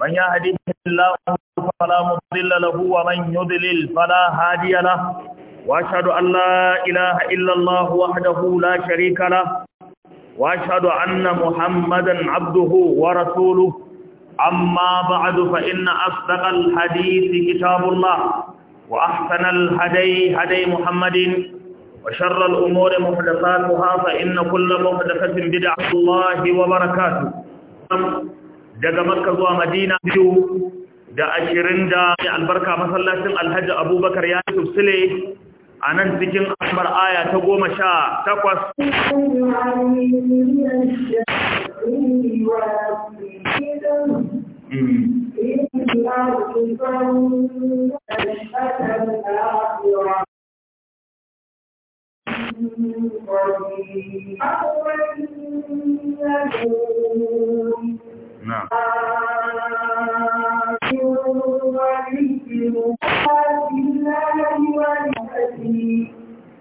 من يهده الله فلا مضل له ومن يضلل فلا هادي له واشهد ان لا اله الا الله وحده لا شريك له واشهد ان محمدا عبده ورسوله اما بعد فان اصدق الحديث كتاب الله واحسن الهدي هدي محمد وشر الامور محدثاتها فان كل محدثه بدعه الله وبركاته daga makka zuwa madina biyu da ashirin da albarka masallacin alhaji abubakar ya yi tufsile a nan cikin asmar aya ta goma sha takwas Thank mm. you. نعم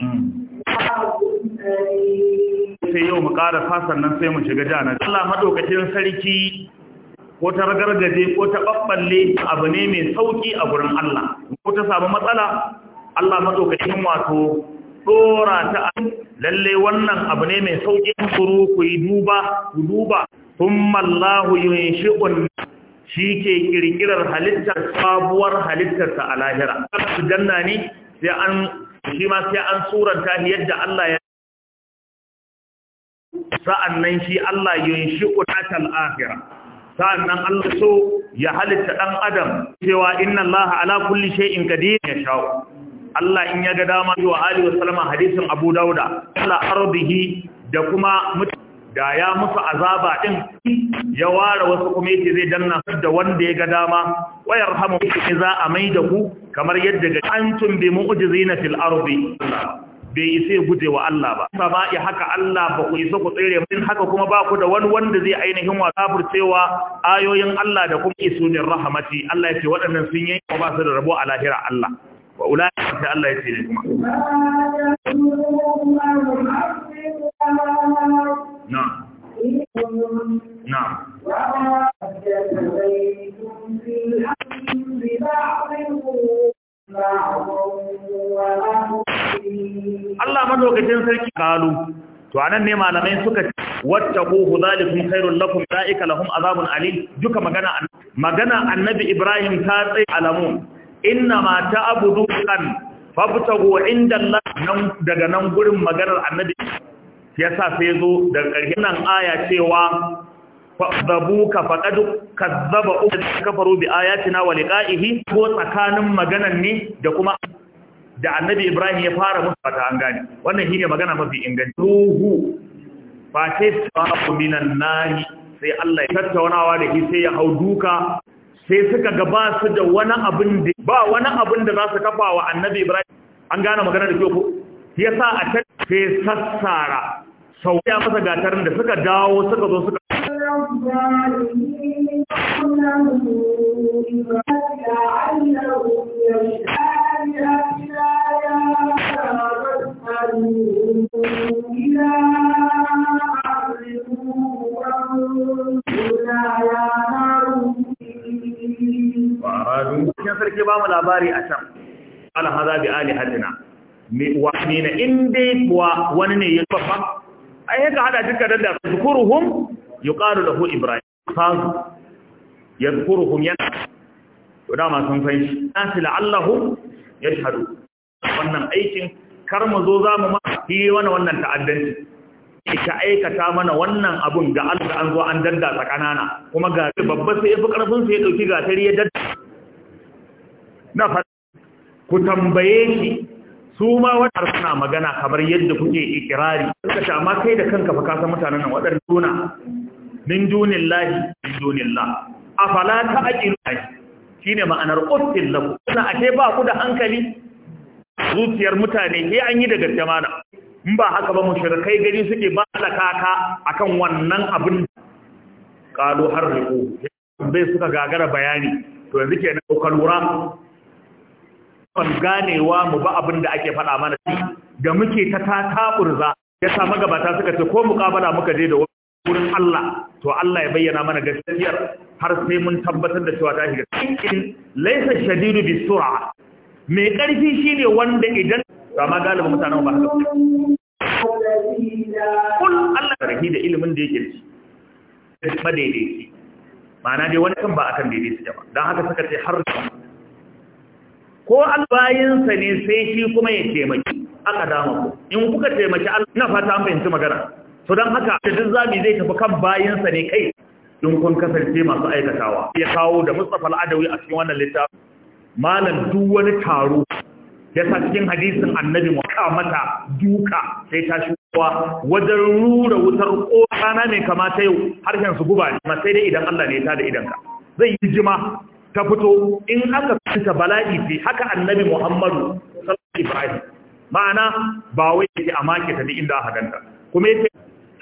mm. sai yau mu ƙara fasan nan sai mu shiga jana Allah maɗaukacin sarki ko ta ragargaje ko ta ɓaɓɓalle abu ne mai sauƙi a gurin Allah ko ta samu matsala Allah maɗaukacin wato ɗora ta lalle wannan abu ne mai sauƙi kuru ku yi duba ku duba thumma Lahu yunshi'un shi ke kirkirar halittar sabuwar halittarta a lahira janna ne sai an shi ma sai suranta yadda Allah ya sa'annan shi Allah yunshi'u tatal sa'annan Allah so ya halitta dan adam cewa inna Allah ala kulli shay'in qadir ya sha'u Allah in ya ga dama wa alihi wa sallama hadisin Abu Dauda, ala ardihi da kuma da ya musu azaba din ya ware wasu kuma yake zai danna da wanda ya ga dama wayar hamu yake za a mai da ku kamar yadda ga antum bi mu'jizina fil ardi bai isa guje wa Allah ba sama ya haka Allah ba ku isa ku tsere min haka kuma ba ku da wani wanda zai ainihin wa cewa ayoyin Allah da kuma isunin rahmati Allah ya ce waɗannan sun yi ba su da rabo a lahira Allah wa ulai da Allah ya ce ne kuma نعم نعم وأعد بينكم في الأمر بعضكم Allah madaukakin sarki kalu to anan ne malamai suka ce wattaquhu zalikum khairul lakum daika lahum azabun alim duka magana magana annabi Ibrahim ta tsaye alamun inna ma ta'budu kan fabtago inda nan daga nan gurin maganar annabi yasa sai zo daga ƙarshen nan aya cewa fadabuka faqad kazzaba kafaru bi ayatina wa liqa'ihi ko tsakanin maganar ne da kuma da annabi Ibrahim ya fara musu fata an gane wannan shine magana mafi inganci ruhu fa sai minan nari sai Allah ya tattaunawa da shi sai ya hau duka sai suka ga ba su da wani abin da ba wani abin da za su kafa wa annabi ibrahim an gane magana da kyoko ya sa a ta sai sassara sau ya masa gatarin da suka dawo suka zo suka Allah alihatina mai wani na in dai kuwa wani ne ya A ai haka hada duka da zukuruhum yuqalu lahu ibrahim fazu yadhkuruhum yana to dama sun Na shi nasi ya yashhadu wannan aikin kar mu zo zamu ma yi wani wannan ta'addanci ka aikata mana wannan abun ga Allah an zo an danda tsakanana kuma ga babba sai ya fi karfin sai ya dauki gatari ya danda na ku tambaye shi su ma wadanda suna magana kamar yadda kuke ikirari suka sha ma kai da kanka fa kasa mutanen nan waɗanda duna min dunillahi min dunillah afala Shi shine ma'anar quttil lakum kuna ake ba ku da hankali zuciyar mutane ne an yi daga jamana. in ba haka ba mu mushrikai gari suke ba kaka akan wannan abin qalu harriqu bai suka gagara bayani to yanzu kenan ko lura ikon ganewa mu ba abin da ake faɗa mana shi da muke ta ta taburza ya sa magabata suka ce ko muƙabala muka je da wurin Allah to Allah ya bayyana mana gaskiyar har sai mun tabbatar da cewa ta shiga cikin laisa shadidu bi sur'a mai ƙarfi shine wanda idan amma galibin mutanen ba haka kun Allah rahi da ilimin da yake ci madaidaici ma'ana dai wani kan ba akan daidai su jama don haka suka ce har ko albayinsa ne sai shi kuma ya taimaki aka dama ku in kuka taimaki na fata an fahimci magana to don haka duk zabi zai tafi kan bayinsa ne kai in kun kasance masu aikatawa ya kawo da Mustapha al a cikin wannan littafi malam duk wani taro ya sa cikin hadisin annabi maka mata duka sai ta shuwa wajen rura wutar kokana mai kamata yau harshen su guba ne sai dai idan Allah ne ya tada idan ka. zai yi jima ta fito in aka fita bala'i fi haka annabi muhammadu sallallahu ibrahim ma'ana ba wai yake a make ta inda aka ganta kuma yake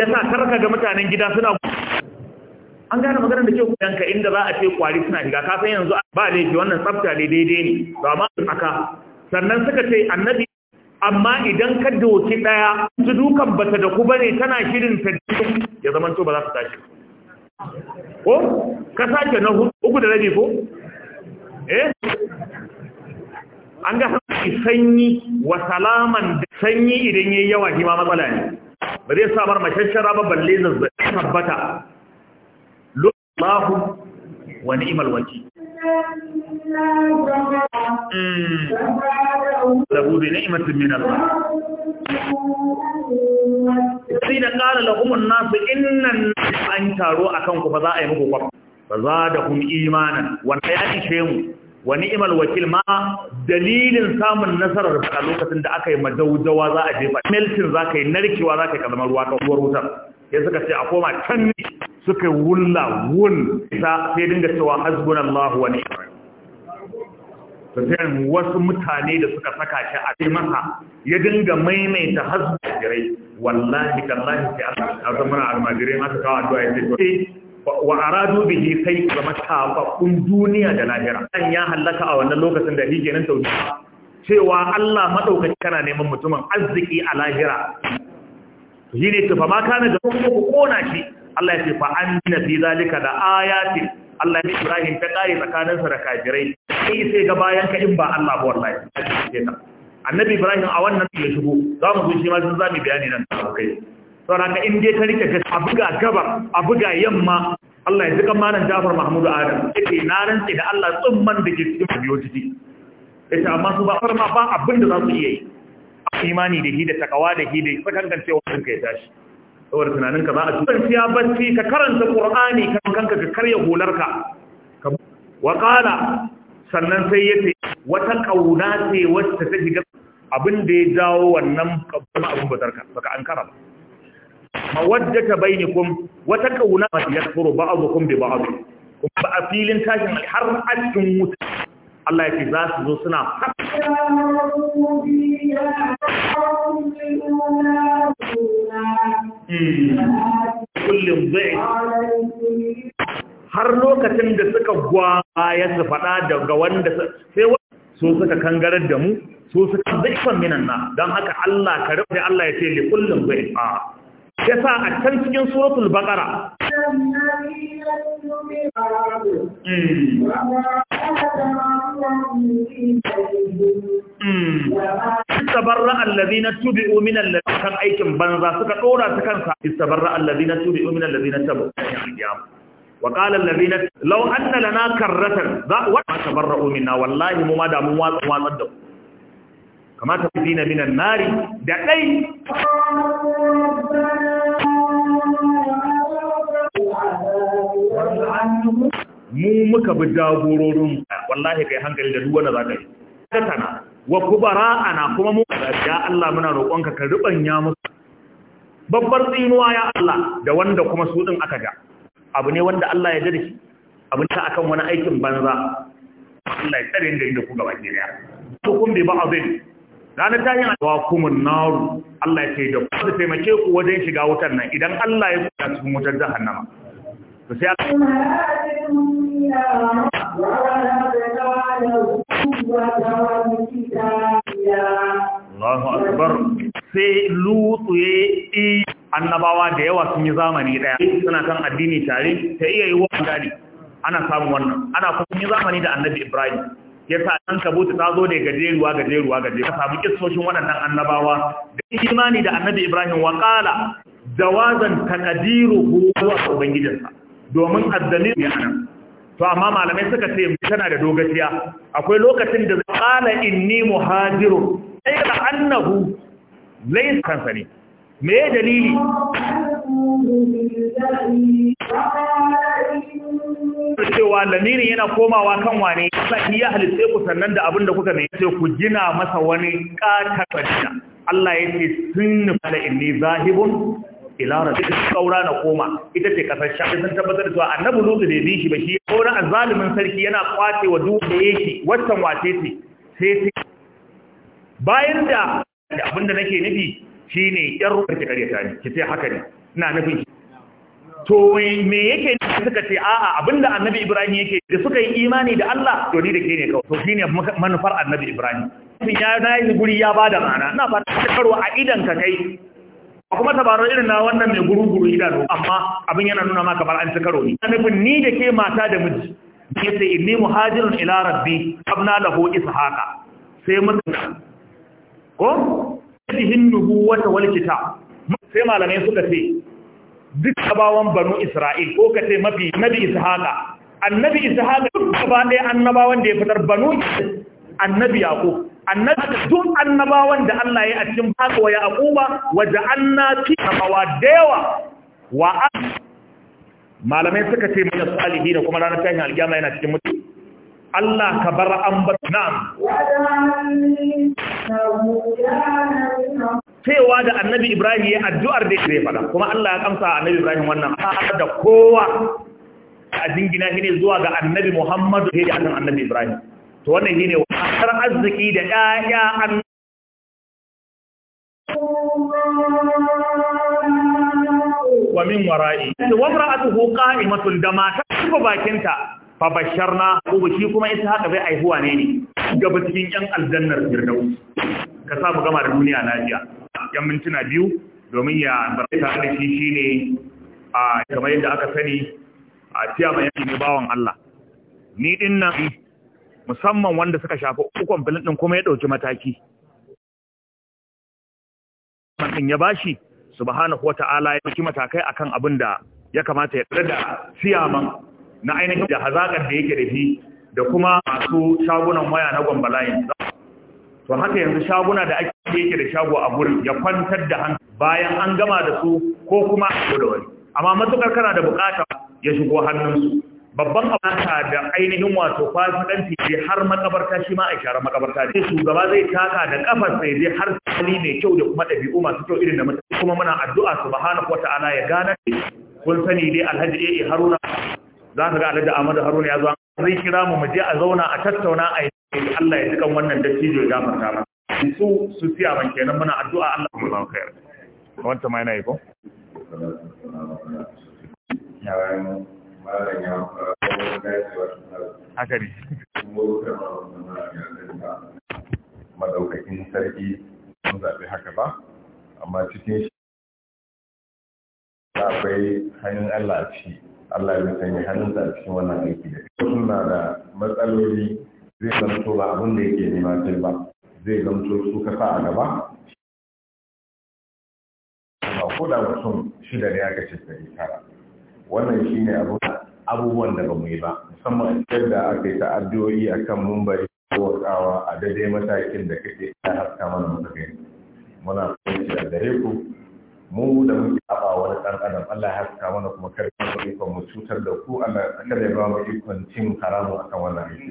yasa karka ga mutanen gida suna an gane maganar da ke kuyanka inda za a ce kwari suna shiga ka san yanzu ba laifi wannan tsafta ne daidai ne to amma aka sannan suka ce annabi amma idan ka doki daya su dukan bata da ku bane tana shirin ta ya to ba za su tashi ko ka sake na uku da rabi ko eh an ga sanyi wa salaman da sanyi idan yayi yawa shi ma matsala ne ba zai samar mashashara ba balle zazzabi tabbata Allahu wa ni'mal wakil hmm. lahu bi ni'matin min Allah sai da kala lahumun nasu nas inna an taro akan ku fa za a yi muku kwafa fa zadahum imanan wannan ya ishe mu wa ni'mal wakil ma dalilin samun nasarar a lokacin da aka yi madaudawa za a jefa melting za ka yi narkewa za ka yi kalmar ruwa ta ruwar wutar ya suka ce a koma can ne suka wulla wun ta sai dinga cewa hasbunallahu wa ni'mal tafiyan wasu mutane da suka saka shi a kai masa ya dinga maimaita hasbujirai wallahi kallahi sai Allah ya zama almajirai masa kawo addu'a ya ce wa aradu bihi sai zama tafaffun duniya da lahira an ya halaka a wannan lokacin da hige nan tauhidi cewa Allah madaukaki kana neman mutumin arziki a lahira shi ne fa ma kana da kuma ku kona shi Allah ya ce fa anna fi zalika da ayati Allah ya Ibrahim ta kare tsakanin sa da kafirai sai sai ga bayan ka in ba Allah ba wallahi annabi Ibrahim a wannan ya shigo za mu shi ma sun zami bayani nan kai sauraka in dai ta rike a buga gaba a buga yamma Allah ya zika malam Jafar Mahmud Adam yake na rantsi da Allah tsumman da ke cikin biyo jiki yace amma su ba farma ba abin da za su iya yi imani da hi da takawa da hi da cewa wannan kai tashi saboda tunanin ka za a siya bacci ka karanta Qur'ani kan kanka ka karya hularka wa qala sannan sai yace wata kauna ce wacce ta shiga abin da ya jawo wannan abin bazarka baka an kara mawaddata bainakum wa takawuna ma yakfuru ba'dukum bi ba'd kuma a filin tashin har ajin wuta Allah ya ce za su zo suna kullum zai har lokacin da suka gwaya su faɗa daga wanda sai so suka kangarar da mu so suka zai fan minan na don haka Allah ka rufe Allah ya ce li kullum zai a ya sa a can cikin suratul baqara hmm. istabarra na tubi'u min allazina kan aikin banza suka dora su kansa istabarra allazina tubi'u min allazina tabu wa qala allazina law anna lana karratan za wa tabarra'u minna wallahi mu ma da mun watsa watsar da ku Kamata ta fi minan nari da ɗai mu muka bi jagororin wallahi kai hankali da duwana za ka yi katana wa kubara ana kuma mu ya Allah muna roƙonka ka rubanya musu babbar tsinuwa ya Allah da wanda kuma su din aka ga abu ne wanda Allah ya dade shi abin ta akan wani aikin banza Allah ya tsare da ku gaba ke ya to kun bi ba abin ranar ta yi wa kuma naru Allah ya ce da ku taimake ku wajen shiga wutar nan idan Allah ya kuka cikin wutar jahannama to sai Allahu akbar sai lutsuye annabawa da yawa sun yi zamani daya suna kan addini tare ta iya yi wa gani ana samun wannan ana kuma yi zamani da annabi Ibrahim ya sa an kabuta ta zo da gajeruwa gajeruwa gajeruwa ka samu kissoshin waɗannan annabawa da imani da annabi ibrahim wa qala jawazan taqdiruhu wa ubangijinsa domin addalil ya nan to amma malamai suka ce tana da dogaciya akwai lokacin da zai qala inni muhajiru sai da annahu laysa kansa ne me dalili cewa lamirin yana komawa kan wane sai ya halitta ku sannan da abin da kuka ne sai ku gina masa wani katabata Allah ya ce sun fala inni zahibun ila rabbika saura na koma ita ce kasar shafi sun tabbatar cewa annabi lutu da bishi ba shi na azalimin sarki yana kwace wa duk da yake wannan wace ce sai bayan da abin da nake nufi shine yar ruwa ta ne ki sai haka ne ina nufin to me yake suka ce a'a abinda annabi ibrahim yake da suka yi imani da Allah to ni da ke ne kawai to ne manufar annabi ibrahim ya yi guri ya bada mana ina fata karwa a idan ka kai kuma tabarau irin na wannan mai guru-guru idanu amma abin yana nuna maka bar an ci karo ni nufin ni da ke mata da miji ya ce inni muhajirun ila rabbi abna lahu ishaqa sai mutum ko tihin nubuwata wata walkita. sai malamai suka ce duk abawan banu isra'il ko ka ce mafi nabi ishaqa annabi ishaqa duk gaba ɗaya annabawan da ya fitar banu annabi yaqub annabi duk annabawan da Allah ya a cikin baka wa yaquba wa ja'alna fi abawa dawa wa malamai suka ce mana salihi da kuma ranar tashin alkiyama yana cikin mutu Allah ka bar an bar na'am cewa da annabi ibrahim ya addu'ar da ya faɗa kuma Allah ya kamsa annabi ibrahim wannan har da kowa a jingina shi ne zuwa ga annabi muhammadu sai da annabi ibrahim to wannan shine wasar arziki da ƴaƴa an wa min wara'i wa mar'atuhu qa'imatun da mata kuma bakinta fa basharna ko shi kuma ita haka bai aihuwa ne ne ga cikin yan aljannar firdaus ka sa mu gama da duniya lafiya yan mintuna biyu domin ya barka da shi shine a kamar yadda aka sani a tiya mai ne bawan Allah ni din nan musamman wanda suka shafi ukun filin din kuma ya dauki mataki din ya bashi subhanahu wata'ala ya dauki matakai akan abin da ya kamata ya da siyaman na ainihin da hazakar da yake da shi da kuma masu shagunan waya na gwambalayin to haka yanzu shaguna da ake yake da shago a gurin ya kwantar da hannu. bayan an gama da su ko kuma da wani amma matukar kana da bukata ya shigo hannunsu babban abata da ainihin wato fasikanci je har makabarta shi ma a share makabarta ne shugaba zai taka da kafar sai har tsali mai kyau da kuma ɗabi'u masu kyau irin da mutane kuma muna addu'a subhanahu wata'ala ya gana kun sani dai alhaji eh haruna za ka ga alhaji amadu haruna ya zo zai kira mu mu je a zauna a tattauna a yi Allah ya dukan wannan dattijo ya gafarta mana su su siya man kenan muna addu'a Allah ya ba khair wanda ma yana yi ko haka ne madaukakin sarki sun zaɓi haka ba amma cikin shi akwai hanyar Allah a ciki Allah ya sanya hannunsa a cikin wannan aiki da suna da matsaloli zai zamto ba abin da yake nema sai ba zai zamto su ka sa a gaba ko da mutum shida ne aka ce dari tara wannan shine abu abubuwan da ba mu yi ba musamman yadda aka yi ta'addoyi a kan ko waƙawa, a daidai matakin da kake ta haska mana muka gani muna shi a dare ku mu da muke aba wani dan adam Allah ya haska mana kuma karfi ya ikon mu cutar da ku Allah kada ya ba mu ikon cin haramu akan wannan aiki